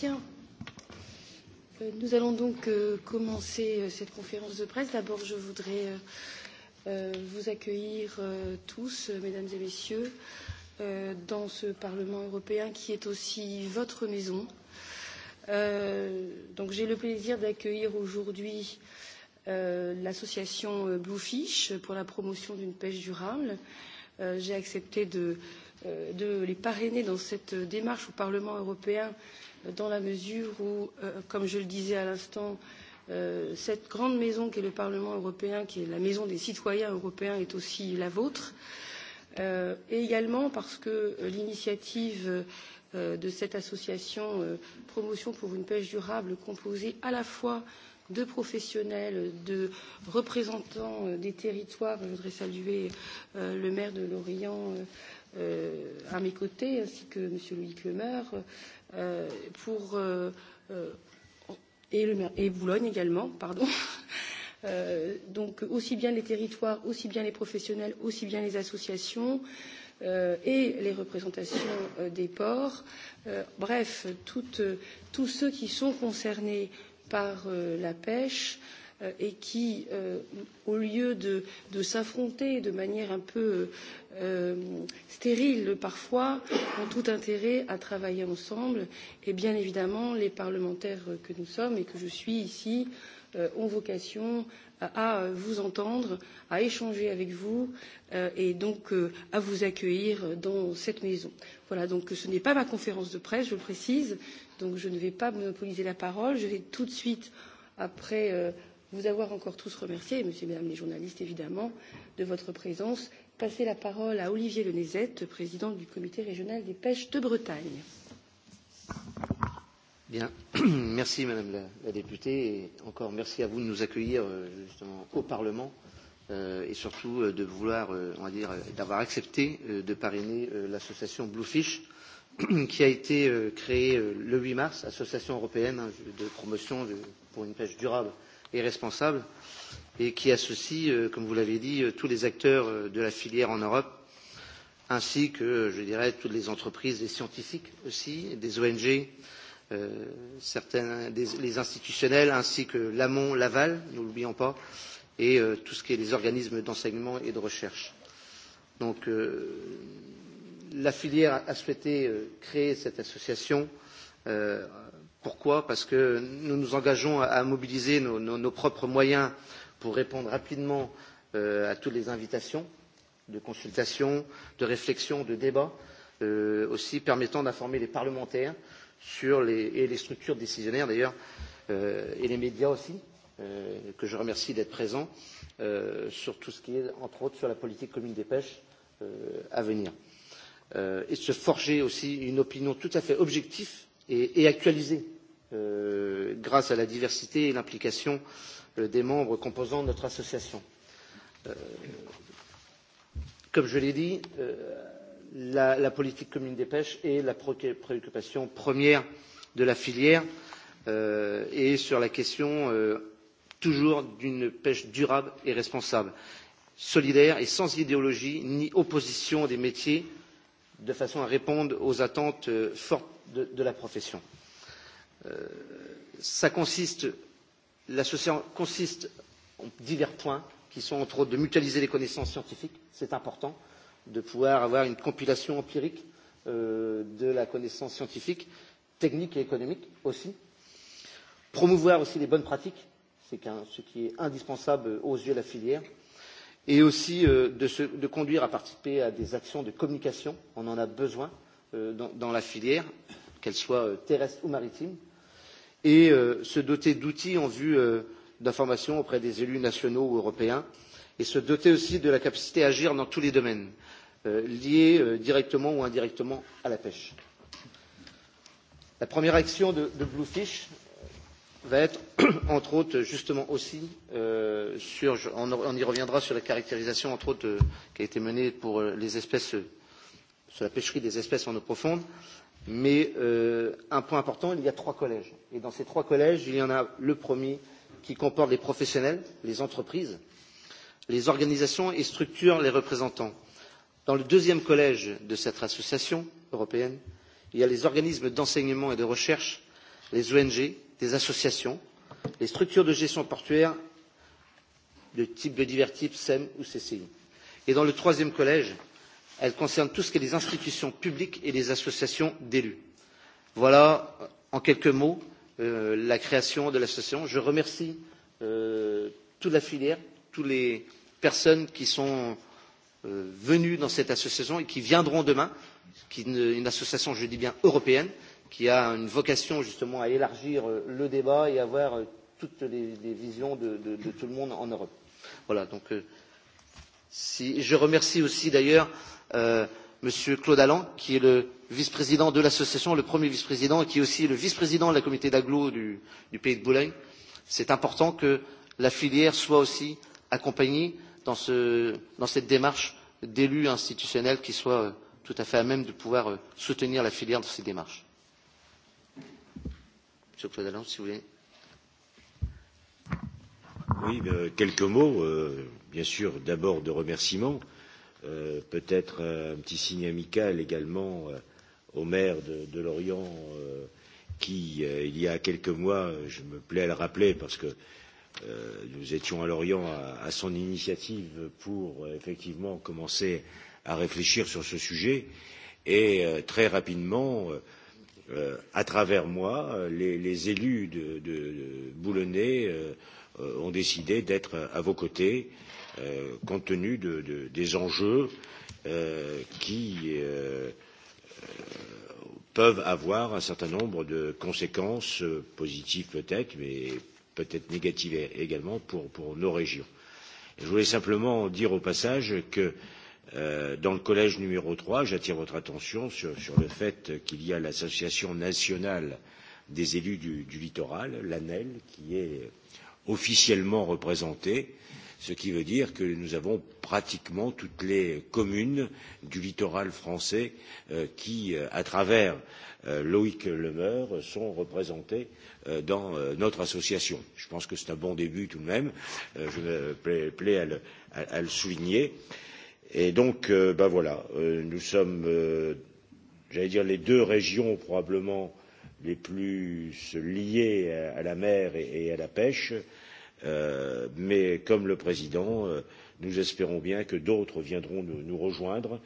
Bien. Nous allons donc commencer cette conférence de presse. D'abord, je voudrais vous accueillir tous, mesdames et messieurs, dans ce Parlement européen qui est aussi votre maison. Donc, j'ai le plaisir d'accueillir aujourd'hui l'association Bluefish pour la promotion d'une pêche durable. J'ai accepté de les parrainer dans cette démarche au Parlement européen dans la mesure où, comme je le disais à l'instant, cette grande maison qu'est le Parlement européen, qui est la maison des citoyens européens, est aussi la vôtre. Et également parce que l'initiative de cette association Promotion pour une pêche durable, composée à la fois de professionnels, de représentants des territoires, je voudrais saluer le maire de Lorient, à mes côtés, ainsi que M. Loïc Lemaire, pour, et Boulogne également, pardon. Donc aussi bien les territoires, aussi bien les professionnels, aussi bien les associations et les représentations des ports. Bref, tous ceux qui sont concernés par la pêche et qui, au lieu de s'affronter de manière un peu stérile parfois, ont tout intérêt à travailler ensemble. Et bien évidemment, les parlementaires que nous sommes et que je suis ici ont vocation à vous entendre, à échanger avec vous et donc à vous accueillir dans cette maison. Voilà, donc ce n'est pas ma conférence de presse, je le précise, donc je ne vais pas monopoliser la parole. Je vais tout de suite, après vous avoir encore tous remercié, monsieur et mesdames les journalistes, évidemment, de votre présence. Passer la parole à Olivier Lenezette, président du comité régional des pêches de Bretagne. Bien, merci madame la députée et encore merci à vous de nous accueillir justement au Parlement et surtout de vouloir, on va dire, d'avoir accepté de parrainer l'association Bluefish qui a été créée le 8 mars, association européenne de promotion pour une pêche durable et responsable et qui associe, comme vous l'avez dit, tous les acteurs de la filière en Europe, ainsi que, je dirais, toutes les entreprises, les scientifiques aussi, des ONG, certains les institutionnels, ainsi que l'amont, l'aval, nous l'oublions pas, et tout ce qui est les organismes d'enseignement et de recherche. Donc, la filière a souhaité créer cette association Pourquoi Parce que nous nous engageons à mobiliser nos propres moyens pour répondre rapidement à toutes les invitations de consultation, de réflexion, de débat, aussi permettant d'informer les parlementaires sur les, et les structures décisionnaires d'ailleurs, et les médias aussi, que je remercie d'être présents, sur tout ce qui est, entre autres, sur la politique commune des pêches à venir. Et de se forger aussi une opinion tout à fait objective et actualisée grâce à la diversité et l'implication des membres composant notre association. Comme je l'ai dit, la politique commune des pêches est la préoccupation première de la filière et sur la question toujours d'une pêche durable et responsable, solidaire et sans idéologie ni opposition des métiers, de façon à répondre aux attentes fortes de la profession ça consiste l'association consiste en divers points qui sont entre autres de mutualiser les connaissances scientifiques c'est important de pouvoir avoir une compilation empirique de la connaissance scientifique technique et économique aussi promouvoir aussi les bonnes pratiques c'est ce qui est indispensable aux yeux de la filière et aussi de conduire à participer à des actions de communication on en a besoin dans la filière qu'elles soient terrestres ou maritimes et se doter d'outils en vue d'informations auprès des élus nationaux ou européens et se doter aussi de la capacité à agir dans tous les domaines liés directement ou indirectement à la pêche. La première action de Bluefish va être, entre autres, justement aussi, on y reviendra sur la caractérisation, entre autres, qui a été menée pour les espèces, sur la pêcherie des espèces en eau profondes. Mais un point important, il y a trois collèges. Et dans ces trois collèges, il y en a le premier qui comporte les professionnels, les entreprises, les organisations et structure les représentants. Dans le deuxième collège de cette association européenne, il y a les organismes d'enseignement et de recherche, les ONG, des associations, les structures de gestion portuaire type de divers types, SEM ou CCI. Et dans le troisième collège, Elle concerne tout ce qui est les institutions publiques et les associations d'élus. Voilà, en quelques mots, la création de l'association. Je remercie toute la filière, toutes les personnes qui sont venues dans cette association et qui viendront demain, une association, je dis bien, européenne, qui a une vocation justement à élargir le débat et à avoir toutes les visions de tout le monde en Europe. Voilà, donc je remercie aussi d'ailleurs M. Claude Allan, qui est le vice-président de l'association, le premier vice-président, et qui est aussi le vice-président de la comité d'agglo du pays de Boulogne. C'est important que la filière soit aussi accompagnée dans cette démarche d'élus institutionnels qui soient tout à fait à même de pouvoir soutenir la filière dans ces démarches. Monsieur Claude Allan, si vous voulez. Oui, quelques mots, bien sûr, d'abord de remerciements peut-être un petit signe amical également au maire de Lorient qui, il y a quelques mois, je me plais à le rappeler parce que nous étions à Lorient à son initiative pour effectivement commencer à réfléchir sur ce sujet et très rapidement, à travers moi, les élus de Boulonnais ont décidé d'être à vos côtés compte tenu des enjeux qui peuvent avoir un certain nombre de conséquences positives peut-être, mais peut-être négatives également pour nos régions. Je voulais simplement dire au passage que dans le collège numéro 3, j'attire votre attention sur le fait qu'il y a l'Association nationale des élus du littoral, l'ANEL, qui est officiellement représentée ce qui veut dire que nous avons pratiquement toutes les communes du littoral français qui, à travers Loïc Lemeur, sont représentées dans notre association. Je pense que c'est un bon début tout de même, je me plais à le souligner. Et donc, ben voilà, nous sommes, j'allais dire, les deux régions probablement les plus liées à la mer et à la pêche mais comme le président nous espérons bien que d'autres viendront nous rejoindre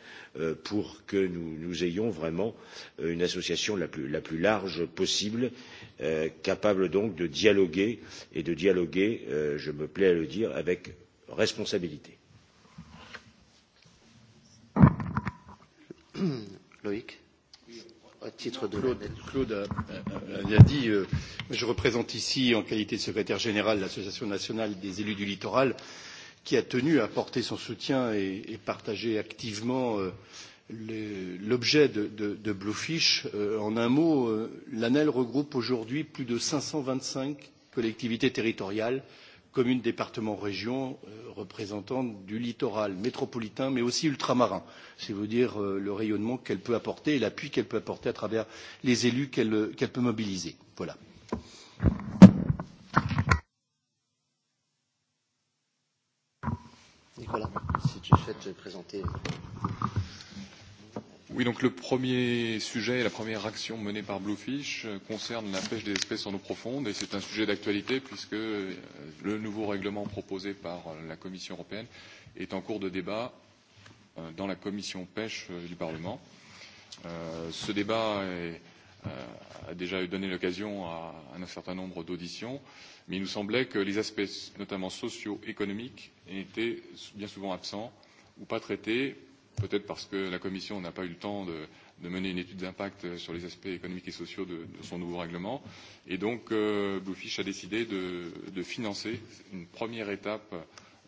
pour que nous ayons vraiment une association la plus large possible capable donc de dialoguer et de dialoguer je me plais à le dire avec responsabilité. Loïc titre de Claude l'a dit, je représente ici, en qualité de secrétaire général l'Association nationale des élus du littoral, qui a tenu à apporter son soutien et partager activement l'objet de Bluefish. En un mot, l'ANEL regroupe aujourd'hui plus de 525 collectivités territoriales communes, départements, régions, représentants du littoral métropolitain, mais aussi ultramarin. C'est vous dire le rayonnement qu'elle peut apporter et l'appui qu'elle peut apporter à travers les élus qu'elle peut mobiliser. Voilà. si présenter. Oui, donc le premier sujet et la première action menée par Bluefish concerne la pêche des espèces en eau profonde et c'est un sujet d'actualité puisque le nouveau règlement proposé par la Commission européenne est en cours de débat dans la Commission pêche du Parlement. Ce débat a déjà donné l'occasion à un certain nombre d'auditions, mais il nous semblait que les aspects, notamment socio économiques, étaient bien souvent absents ou pas traités peut-être parce que la Commission n'a pas eu le temps de mener une étude d'impact sur les aspects économiques et sociaux de son nouveau règlement. Et donc, Bluefish a décidé de financer une première étape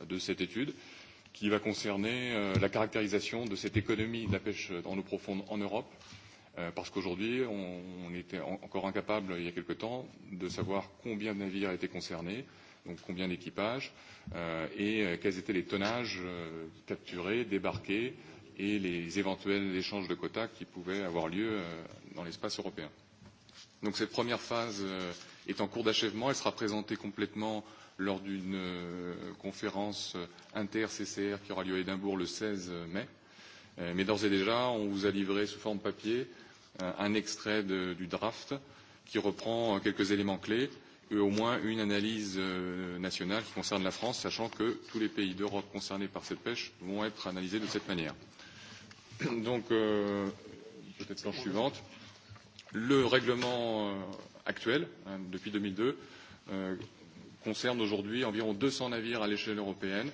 de cette étude qui va concerner la caractérisation de cette économie de la pêche en eau profonde en Europe, parce qu'aujourd'hui, on était encore incapable, il y a quelque temps, de savoir combien de navires étaient concernés, donc combien d'équipages, et quels étaient les tonnages capturés, débarqués, et les éventuels échanges de quotas qui pouvaient avoir lieu dans l'espace européen. Donc cette première phase est en cours d'achèvement. Elle sera présentée complètement lors d'une conférence inter-CCR qui aura lieu à Édimbourg le 16 mai. Mais d'ores et déjà, on vous a livré sous forme papier un extrait du draft qui reprend quelques éléments clés et au moins une analyse nationale qui concerne la France, sachant que tous les pays d'Europe concernés par cette pêche vont être analysés de cette manière. Donc, peut-être planche suivante. Le règlement actuel, depuis 2002, concerne aujourd'hui environ 200 navires à l'échelle européenne,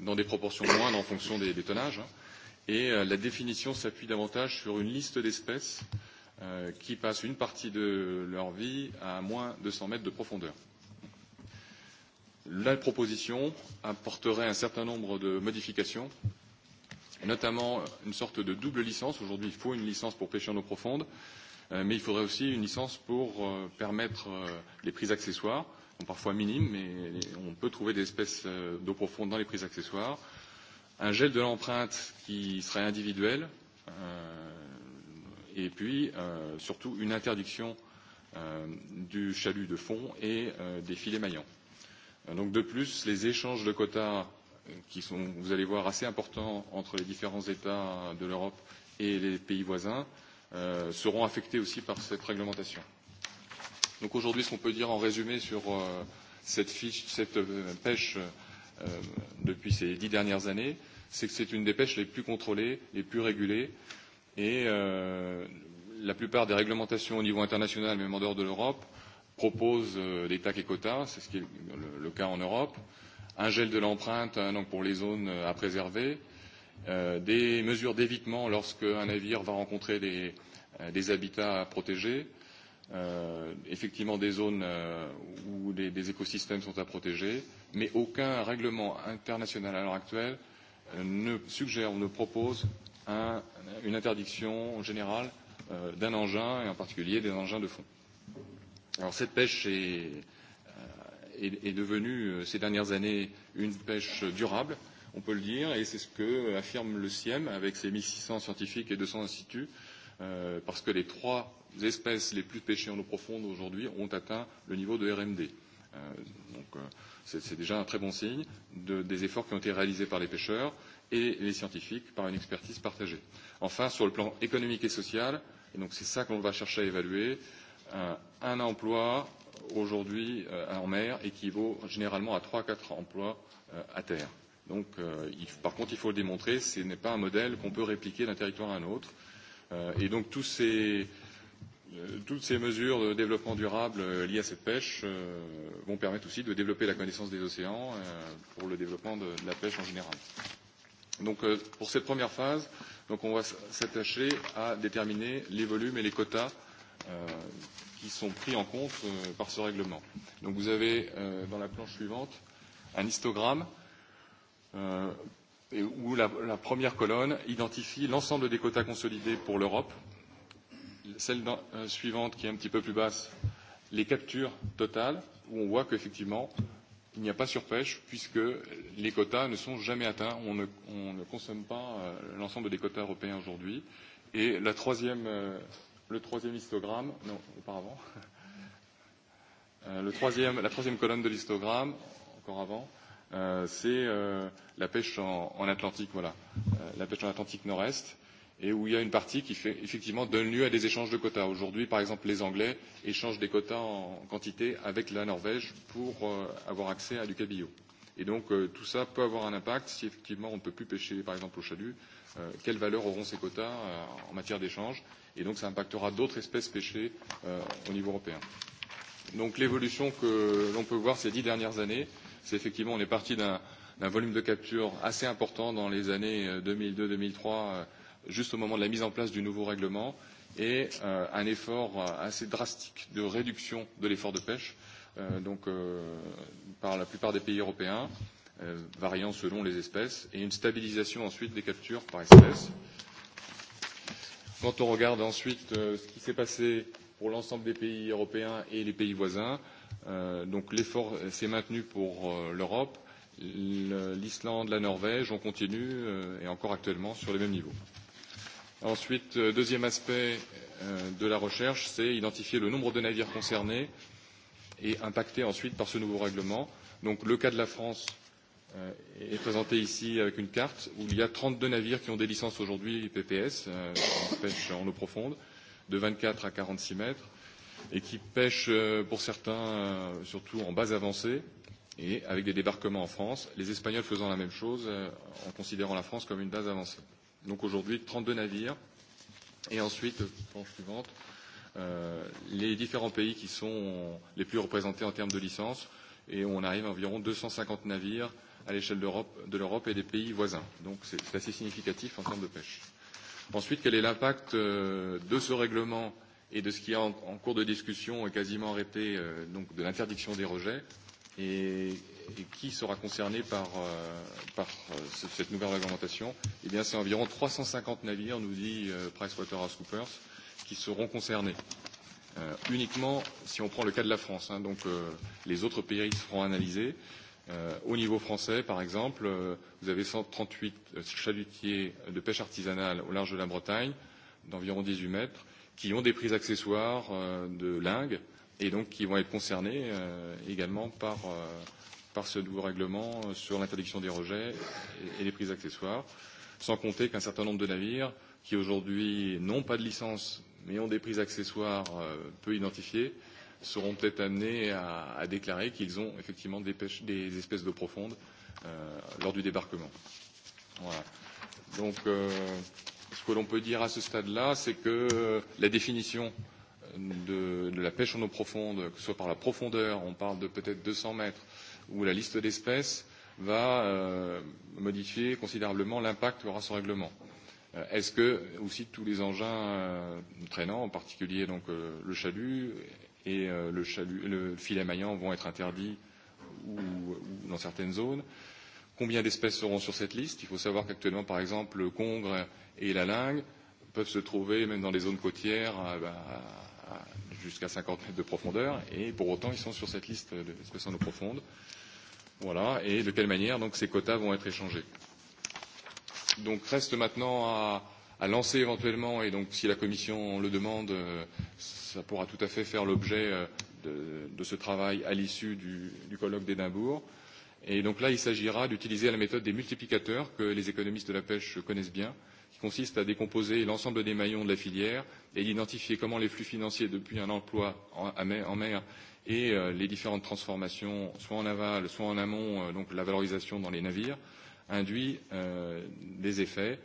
dans des proportions moindres en fonction des tonnages. Et la définition s'appuie davantage sur une liste d'espèces qui passent une partie de leur vie à moins de 100 mètres de profondeur. La proposition apporterait un certain nombre de modifications et notamment une sorte de double licence. Aujourd'hui, il faut une licence pour pêcher en eau profonde, mais il faudrait aussi une licence pour permettre les prises accessoires, parfois minimes, mais on peut trouver des espèces d'eau profonde dans les prises accessoires. Un gel de l'empreinte qui serait individuel, et puis surtout une interdiction du chalut de fond et des filets maillants. Donc de plus, les échanges de quotas qui sont, vous allez voir, assez importants entre les différents États de l'Europe et les pays voisins, seront affectés aussi par cette réglementation. Donc aujourd'hui, ce qu'on peut dire en résumé sur cette pêche depuis ces dix dernières années, c'est que c'est une des pêches les plus contrôlées, les plus régulées, et la plupart des réglementations au niveau international, même en dehors de l'Europe, proposent des tacs et quotas, c'est ce qui est le cas en Europe un gel de l'empreinte pour les zones à préserver, des mesures d'évitement lorsque un navire va rencontrer des, des habitats à protéger, effectivement des zones où des écosystèmes sont à protéger, mais aucun règlement international à l'heure actuelle ne suggère ou ne propose un une interdiction générale d'un engin, et en particulier des engins de fond. Alors cette pêche est est devenue ces dernières années une pêche durable, on peut le dire, et c'est ce que affirme le CIEM avec ses 1600 scientifiques et 200 instituts, parce que les trois espèces les plus pêchées en eau profonde aujourd'hui ont atteint le niveau de RMD. Donc c'est déjà un très bon signe des efforts qui ont été réalisés par les pêcheurs et les scientifiques par une expertise partagée. Enfin, sur le plan économique et social, et donc c'est ça qu'on va chercher à évaluer, un emploi aujourd'hui en mer équivaut généralement à 3-4 emplois à terre. Donc, par contre, il faut le démontrer, ce n'est pas un modèle qu'on peut répliquer d'un territoire à un autre. Et donc, tous ces toutes ces mesures de développement durable liées à cette pêche vont permettre aussi de développer la connaissance des océans pour le développement de la pêche en général. Donc pour cette première phase, donc on va s'attacher à déterminer les volumes et les quotas qui sont pris en compte par ce règlement. Donc vous avez dans la planche suivante un histogramme où la première colonne identifie l'ensemble des quotas consolidés pour l'Europe. Celle suivante, qui est un petit peu plus basse, les captures totales, où on voit qu'effectivement, il n'y a pas surpêche, puisque les quotas ne sont jamais atteints. On ne, on ne consomme pas l'ensemble des quotas européens aujourd'hui. Et la troisième le troisième histogramme, non, auparavant, le troisième, la troisième colonne de l'histogramme, encore avant, c'est la pêche en Atlantique, voilà, la pêche en Atlantique Nord-Est, et où il y a une partie qui fait effectivement donne lieu à des échanges de quotas. Aujourd'hui, par exemple, les Anglais échangent des quotas en quantité avec la Norvège pour avoir accès à du cabillaud. Et donc tout ça peut avoir un impact. Si effectivement on ne peut plus pêcher par exemple au chalut, quelle valeur auront ces quotas en matière d'échange Et donc ça impactera d'autres espèces pêchées au niveau européen. Donc l'évolution que l'on peut voir ces dix dernières années, c'est effectivement on est parti d'un volume de capture assez important dans les années 2002-2003, juste au moment de la mise en place du nouveau règlement, et un effort assez drastique de réduction de l'effort de pêche donc par la plupart des pays européens, variant selon les espèces, et une stabilisation ensuite des captures par espèce. Quand on regarde ensuite ce qui s'est passé pour l'ensemble des pays européens et les pays voisins, donc l'effort s'est maintenu pour l'Europe, l'Islande, la Norvège, on continue, et encore actuellement, sur les mêmes niveaux. Ensuite, deuxième aspect de la recherche, c'est identifier le nombre de navires concernés et impacté ensuite par ce nouveau règlement. Donc le cas de la France est présenté ici avec une carte où il y a 32 navires qui ont des licences aujourd'hui PPS, qui pêchent en eau profonde, de 24 à 46 mètres, et qui pêchent pour certains surtout en base avancée et avec des débarquements en France, les Espagnols faisant la même chose en considérant la France comme une base avancée. Donc aujourd'hui, 32 navires. Et ensuite, planche suivante, les différents pays qui sont les plus représentés en termes de licences et on arrive à environ 250 navires à l'échelle de l'Europe et des pays voisins. Donc c'est assez significatif en termes de pêche. Ensuite, quel est l'impact de ce règlement et de ce qui est en cours de discussion et quasiment arrêté, donc de l'interdiction des rejets et qui sera concerné par cette nouvelle réglementation Eh bien, c'est environ 350 navires, nous dit PricewaterhouseCoopers, qui seront concernés. Uniquement si on prend le cas de la France, donc les autres pays seront analysés. Au niveau français, par exemple, vous avez 138 chalutiers de pêche artisanale au large de la Bretagne, d'environ 18 mètres, qui ont des prises accessoires de lingues et donc qui vont être concernés également par par ce nouveau règlement sur l'interdiction des rejets et les prises accessoires, sans compter qu'un certain nombre de navires qui aujourd'hui n'ont pas de licence mais ont des prises accessoires peu identifiées seront peut-être amenés à déclarer qu'ils ont effectivement des espèces d'eau profonde lors du débarquement. Voilà. Donc, ce que l'on peut dire à ce stade-là, c'est que la définition de la pêche en eau profonde, que ce soit par la profondeur, on parle de peut-être 200 mètres, ou la liste d'espèces, va modifier considérablement l'impact qu'aura ce règlement. Est-ce que aussi tous les engins traînants, en particulier donc le chalut et le, filet maillant vont être interdits ou, dans certaines zones Combien d'espèces seront sur cette liste Il faut savoir qu'actuellement, par exemple, le congre et la lingue peuvent se trouver même dans les zones côtières jusqu'à 50 mètres de profondeur et pour autant ils sont sur cette liste d'espèces en eau profonde. Voilà, et de quelle manière donc ces quotas vont être échangés. Donc reste maintenant à, à lancer éventuellement, et donc si la Commission le demande, ça pourra tout à fait faire l'objet de, de ce travail à l'issue du, du colloque d'Édimbourg. Et donc là, il s'agira d'utiliser la méthode des multiplicateurs que les économistes de la pêche connaissent bien, qui consiste à décomposer l'ensemble des maillons de la filière et d'identifier comment les flux financiers depuis un emploi en mer et les différentes transformations, soit en aval, soit en amont, donc la valorisation dans les navires, induit des effets.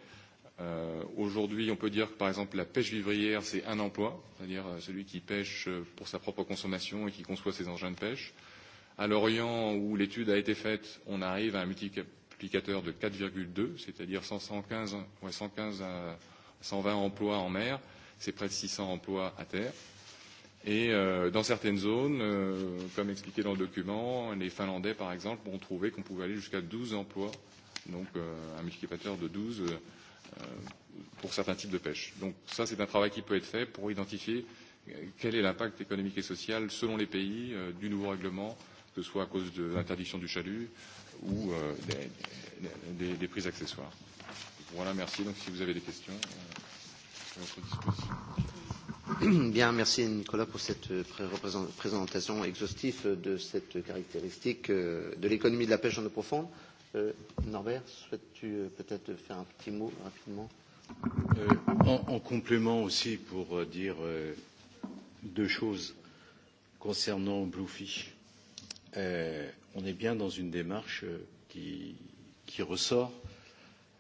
Aujourd'hui, on peut dire que, par exemple, la pêche vivrière, c'est un emploi, c'est-à-dire celui qui pêche pour sa propre consommation et qui conçoit ses engins de pêche. À l'Orient, où l'étude a été faite, on arrive à un multiplicateur de 4,2, c'est-à-dire 115 à 120 emplois en mer, c'est près de 600 emplois à terre. Et dans certaines zones, comme expliqué dans le document, les Finlandais, par exemple, ont trouvé qu'on pouvait aller jusqu'à 12 emplois donc un multiplicateur de 12 pour certains types de pêche. Donc ça, c'est un travail qui peut être fait pour identifier quel est l'impact économique et social selon les pays du nouveau règlement, que ce soit à cause de l'interdiction du chalut ou des prises accessoires. Voilà, merci. Donc si vous avez des questions, à votre disposition. Bien, merci Nicolas pour cette présentation exhaustive de cette caractéristique de l'économie de la pêche en eau profonde. Norbert, souhaites-tu peut-être faire un petit mot rapidement En complément aussi pour dire deux choses concernant Bluefish. On est bien dans une démarche qui ressort,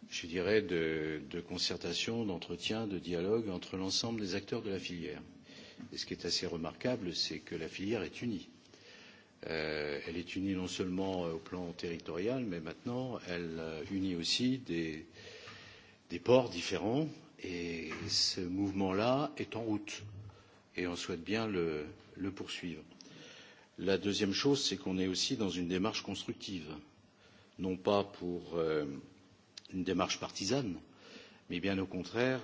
je dirais, de concertation, d'entretien, de dialogue entre l'ensemble des acteurs de la filière. Et ce qui est assez remarquable, c'est que la filière est unie Elle est unie non seulement au plan territorial, mais maintenant elle unit aussi des ports différents et ce mouvement-là est en route et on souhaite bien le poursuivre. La deuxième chose, c'est qu'on est aussi dans une démarche constructive, non pas pour une démarche partisane, mais bien au contraire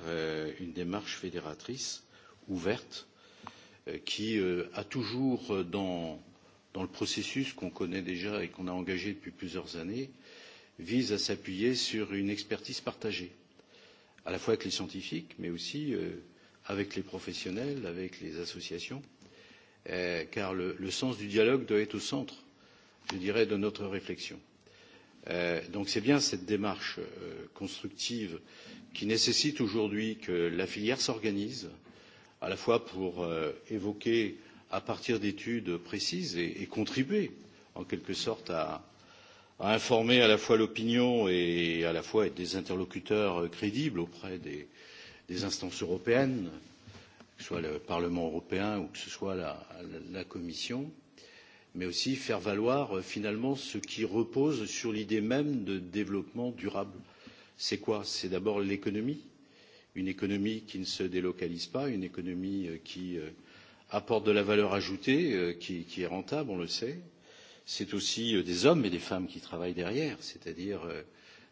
une démarche fédératrice, ouverte, qui a toujours dans dans le processus qu'on connaît déjà et qu'on a engagé depuis plusieurs années, vise à s'appuyer sur une expertise partagée, à la fois avec les scientifiques, mais aussi avec les professionnels, avec les associations, car le sens du dialogue doit être au centre, je dirais, de notre réflexion. Donc c'est bien cette démarche constructive qui nécessite aujourd'hui que la filière s'organise, à la fois pour évoquer à partir d'études précises et contribuer en quelque sorte à informer à la fois l'opinion et à la fois être des interlocuteurs crédibles auprès des instances européennes, que ce soit le Parlement européen ou que ce soit la Commission, mais aussi faire valoir finalement ce qui repose sur l'idée même de développement durable. C'est quoi C'est d'abord l'économie, une économie qui ne se délocalise pas, une économie qui apporte de la valeur ajoutée qui est rentable, on le sait. C'est aussi des hommes et des femmes qui travaillent derrière, c'est-à-dire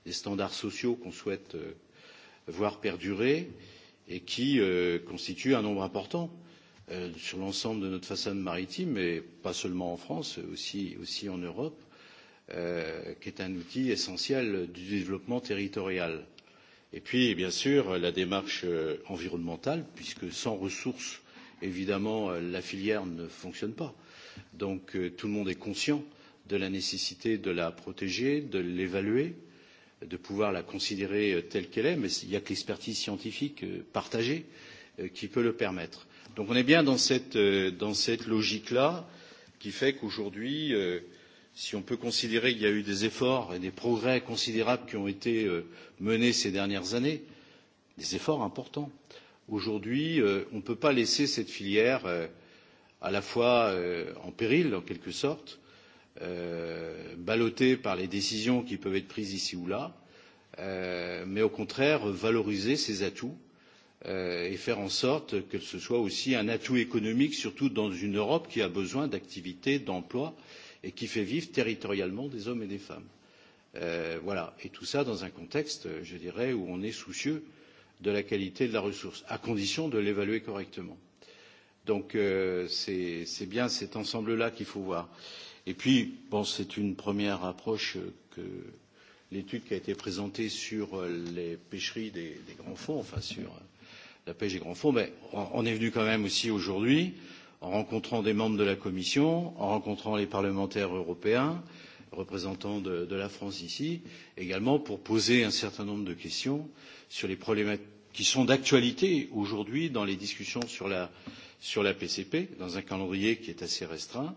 des standards sociaux qu'on souhaite voir perdurer et qui constituent un nombre important sur l'ensemble de notre façade maritime, et pas seulement en France, aussi en Europe, qui est un outil essentiel du développement territorial. Et puis, bien sûr, la démarche environnementale, puisque sans ressources évidemment, la filière ne fonctionne pas. Donc, tout le monde est conscient de la nécessité de la protéger, de l'évaluer, de pouvoir la considérer telle qu'elle est, mais il n'y a que l'expertise scientifique partagée qui peut le permettre. Donc, on est bien dans cette logique-là qui fait qu'aujourd'hui, si on peut considérer qu'il y a eu des efforts et des progrès considérables qui ont été menés ces dernières années, des efforts importants, Aujourd'hui, on ne peut pas laisser cette filière à la fois en péril, en quelque sorte, ballottée par les décisions qui peuvent être prises ici ou là, mais au contraire valoriser ses atouts et faire en sorte que ce soit aussi un atout économique, surtout dans une Europe qui a besoin d'activités, d'emploi et qui fait vivre territorialement des hommes et des femmes. Voilà. Et tout ça dans un contexte, je dirais, où on est soucieux de la qualité de la ressource, à condition de l'évaluer correctement. Donc c'est bien cet ensemble-là qu'il faut voir. Et puis, bon, c'est une première approche que l'étude qui a été présentée sur les pêcheries des grands fonds, enfin sur la pêche des grands fonds, mais on est venu quand même aussi aujourd'hui en rencontrant des membres de la Commission, en rencontrant les parlementaires européens, représentant de la France ici, également pour poser un certain nombre de questions sur les problématiques qui sont d'actualité aujourd'hui dans les discussions sur la PCP, dans un calendrier qui est assez restreint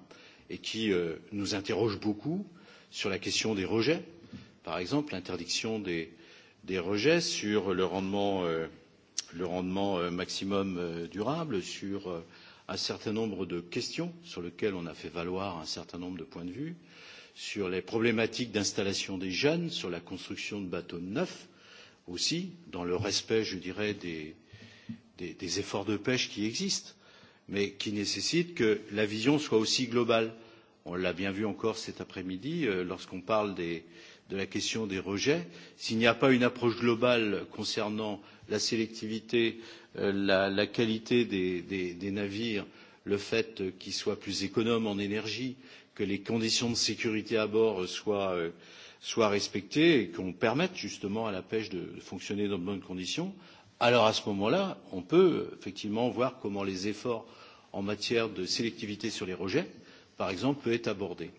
et qui nous interroge beaucoup sur la question des rejets, par exemple l'interdiction des rejets, sur le rendement maximum durable, sur un certain nombre de questions sur lesquelles on a fait valoir un certain nombre de points de vue sur les problématiques d'installation des jeunes, sur la construction de bateaux neufs aussi, dans le respect, je dirais, des efforts de pêche qui existent, mais qui nécessite que la vision soit aussi globale. On l'a bien vu encore cet après-midi, lorsqu'on parle de la question des rejets, s'il n'y a pas une approche globale concernant la sélectivité, la qualité des navires, le fait qu'ils soient plus économes en énergie, que les conditions de sécurité à bord soient respectées et qu'on permette justement à la pêche de fonctionner dans de bonnes conditions, alors à ce moment-là, on peut effectivement voir comment les efforts en matière de sélectivité sur les rejets, par exemple, peuvent être abordés.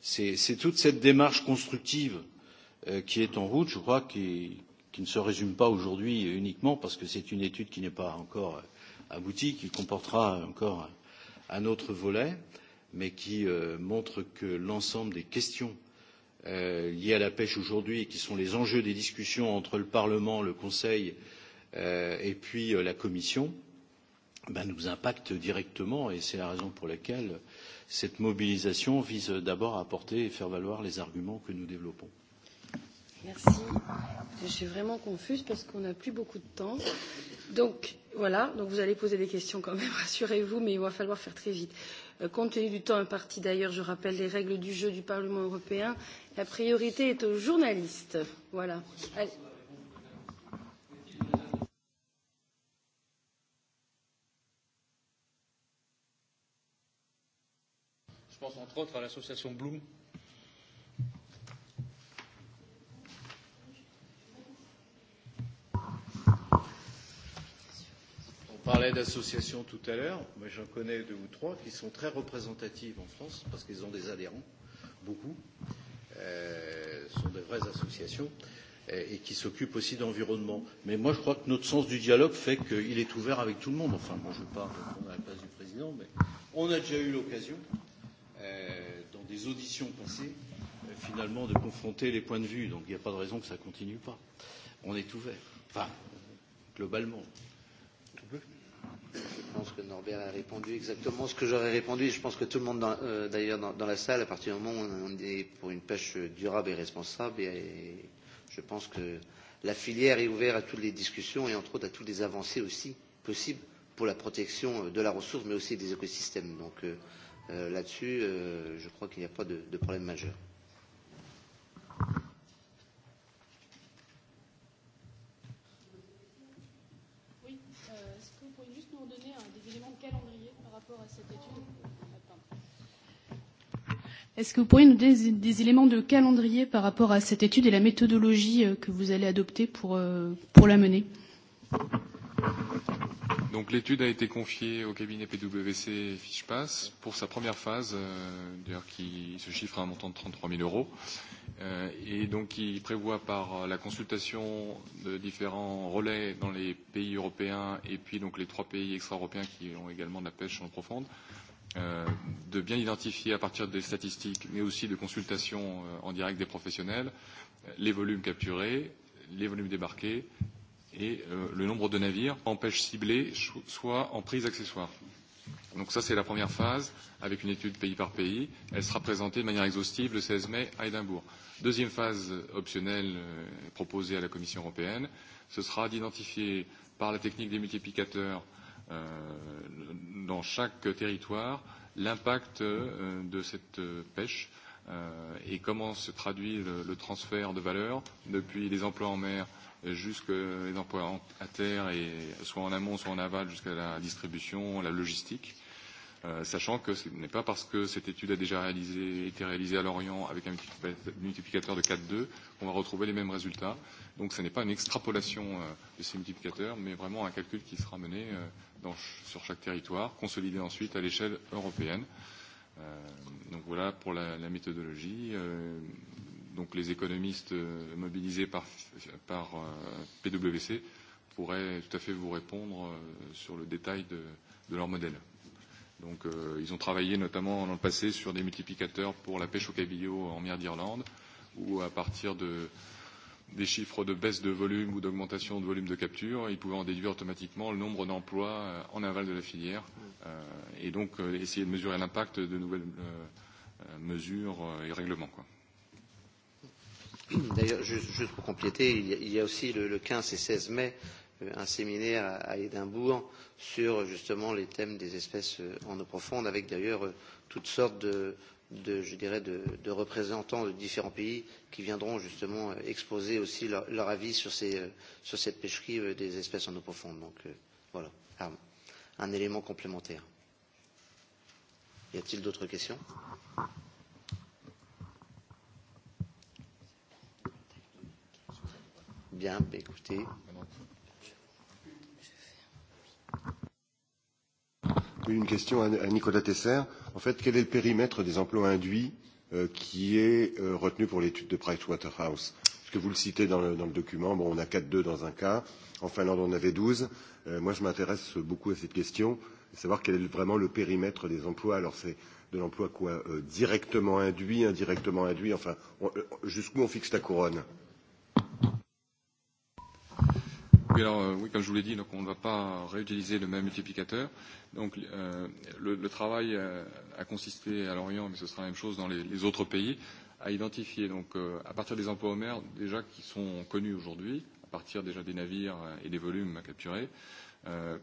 C'est toute cette démarche constructive qui est en route, je crois, qui ne se résume pas aujourd'hui uniquement parce que c'est une étude qui n'est pas encore aboutie, qui comportera encore un autre volet mais qui montre que l'ensemble des questions liées à la pêche aujourd'hui qui sont les enjeux des discussions entre le Parlement, le Conseil et puis la Commission nous impactent directement et c'est la raison pour laquelle cette mobilisation vise d'abord à apporter et faire valoir les arguments que nous développons. Merci. Je suis vraiment confuse parce qu'on n'a plus beaucoup de temps. Donc voilà, donc vous allez poser des questions quand même, rassurez-vous, mais il va falloir faire très vite. Compte tenu du temps imparti d'ailleurs, je rappelle les règles du jeu du Parlement européen. La priorité est aux journalistes. Voilà. Je pense entre autres à l'association Bloom parlait d'associations tout à l'heure, mais j'en connais deux ou trois qui sont très représentatives en France parce qu'ils ont des adhérents, beaucoup, sont de vraies associations et qui s'occupent aussi d'environnement. Mais moi, je crois que notre sens du dialogue fait qu'il est ouvert avec tout le monde. Enfin, moi, je ne vais à la place du président, mais on a déjà eu l'occasion, dans des auditions passées, finalement, de confronter les points de vue. Donc, il n'y a pas de raison que ça ne continue pas. On est ouvert. Enfin, globalement pense que Norbert a répondu exactement ce que j'aurais répondu. Je pense que tout le monde, d'ailleurs, dans la salle, à partir du moment où on est pour une pêche durable et responsable, et je pense que la filière est ouverte à toutes les discussions et, entre autres, à toutes les avancées aussi possibles pour la protection de la ressource, mais aussi des écosystèmes. Donc, là-dessus, je crois qu'il n'y a pas de problème majeur. Est-ce que vous pourriez nous donner des éléments de calendrier par rapport à cette étude et la méthodologie que vous allez adopter pour, pour la mener Donc l'étude a été confiée au cabinet PwC fishpass pour sa première phase, d'ailleurs qui se chiffre à un montant de 33 000 euros, et donc qui prévoit par la consultation de différents relais dans les pays européens et puis donc les trois pays extra-européens qui ont également de la pêche en profonde, de bien identifier à partir des statistiques, mais aussi de consultations en direct des professionnels, les volumes capturés, les volumes débarqués et le nombre de navires en pêche ciblée, soit en prise accessoire. Donc ça, c'est la première phase, avec une étude pays par pays. Elle sera présentée de manière exhaustive le 16 mai à Édimbourg. Deuxième phase optionnelle proposée à la Commission européenne, ce sera d'identifier par la technique des multiplicateurs dans chaque territoire l'impact de cette pêche et comment se traduit le transfert de valeur depuis les emplois en mer les emplois à terre et soit en amont soit en aval jusqu'à la distribution la logistique sachant que ce n'est pas parce que cette étude a déjà réalisé, été réalisée à Lorient avec un multiplicateur de 4,2 qu'on va retrouver les mêmes résultats. Donc ce n'est pas une extrapolation de ces multiplicateurs, mais vraiment un calcul qui sera mené dans, sur chaque territoire, consolidé ensuite à l'échelle européenne. donc voilà pour la, la méthodologie. donc les économistes mobilisés par, par PwC pourraient tout à fait vous répondre sur le détail de, de leur modèle. Donc ils ont travaillé notamment dans le passé sur des multiplicateurs pour la pêche au cabillaud en mer d'Irlande, où à partir de des chiffres de baisse de volume ou d'augmentation de volume de capture, ils pouvaient en déduire automatiquement le nombre d'emplois en aval de la filière et donc essayer de mesurer l'impact de nouvelles mesures et règlements. D'ailleurs, juste pour compléter, il y a aussi le 15 et 16 mai un séminaire à Édimbourg sur justement les thèmes des espèces en eau profonde, avec d'ailleurs toutes sortes de, je dirais, de, représentants de différents pays qui viendront justement exposer aussi leur, avis sur, ces, sur cette pêcherie des espèces en eau profonde. Donc voilà, un élément complémentaire. Y a-t-il d'autres questions Bien, écoutez. une question à Nicolas Tesser. En fait, quel est le périmètre des emplois induits qui est retenu pour l'étude de Pricewaterhouse Parce que vous le citez dans le document, bon, on a 4-2 dans un cas, en Finlande on avait 12. Moi, je m'intéresse beaucoup à cette question, savoir quel est vraiment le périmètre des emplois. Alors, c'est de l'emploi quoi Directement induit, indirectement induit, enfin, jusqu'où on fixe la couronne Oui, alors, oui, comme je vous l'ai dit, donc on ne va pas réutiliser le même multiplicateur. Donc, le, travail a consisté à l'Orient, mais ce sera la même chose dans les, les autres pays, à identifier, donc, à partir des emplois mer, déjà qui sont connus aujourd'hui, à partir déjà des navires et des volumes à capturer,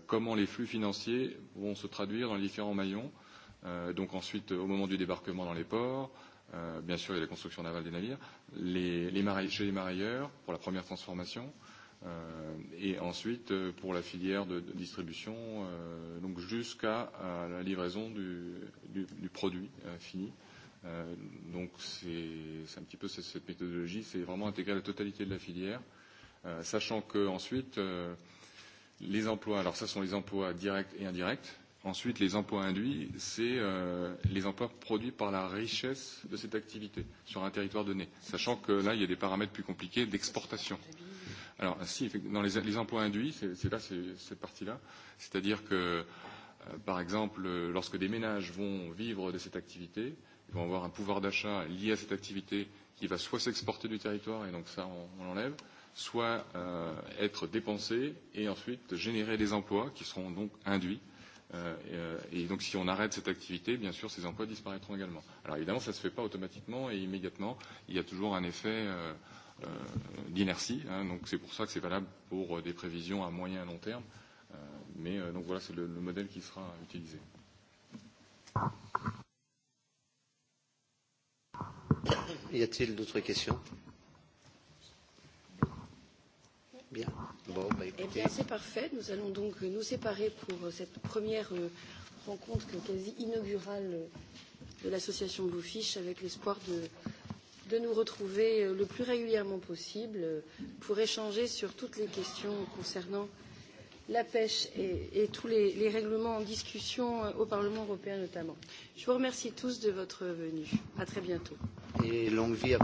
comment les flux financiers vont se traduire dans les différents maillons. donc, ensuite, au moment du débarquement dans les ports, bien sûr, il y a la construction navale des navires, les, les chez les marailleurs, pour la première transformation, et ensuite pour la filière de distribution donc jusqu'à la livraison du du produit fini donc c'est un petit peu cette méthodologie c'est vraiment intégrer la totalité de la filière sachant que ensuite les emplois alors ça sont les emplois directs et indirects ensuite les emplois induits c'est les emplois produits par la richesse de cette activité sur un territoire donné sachant que là il y a des paramètres plus compliqués d'exportation Alors, si, dans les, emplois induits, c'est là, c'est cette partie-là. C'est-à-dire que, par exemple, lorsque des ménages vont vivre de cette activité, ils vont avoir un pouvoir d'achat lié à cette activité qui va soit s'exporter du territoire, et donc ça, on, l'enlève, soit être dépensé et ensuite générer des emplois qui seront donc induits. Et donc, si on arrête cette activité, bien sûr, ces emplois disparaîtront également. Alors, évidemment, ça ne se fait pas automatiquement et immédiatement. Il y a toujours un effet d'inertie. Donc c'est pour ça que c'est valable pour des prévisions à moyen et long terme. Mais donc voilà, c'est le modèle qui sera utilisé. Y a-t-il d'autres questions Bien. Bon, eh bien, c'est parfait. Nous allons donc nous séparer pour cette première rencontre quasi inaugurale de l'association Bouffiche avec l'espoir de de nous retrouver le plus régulièrement possible pour échanger sur toutes les questions concernant la pêche et tous les règlements en discussion au Parlement européen notamment. Je vous remercie tous de votre venue. À très bientôt. Et longue vie à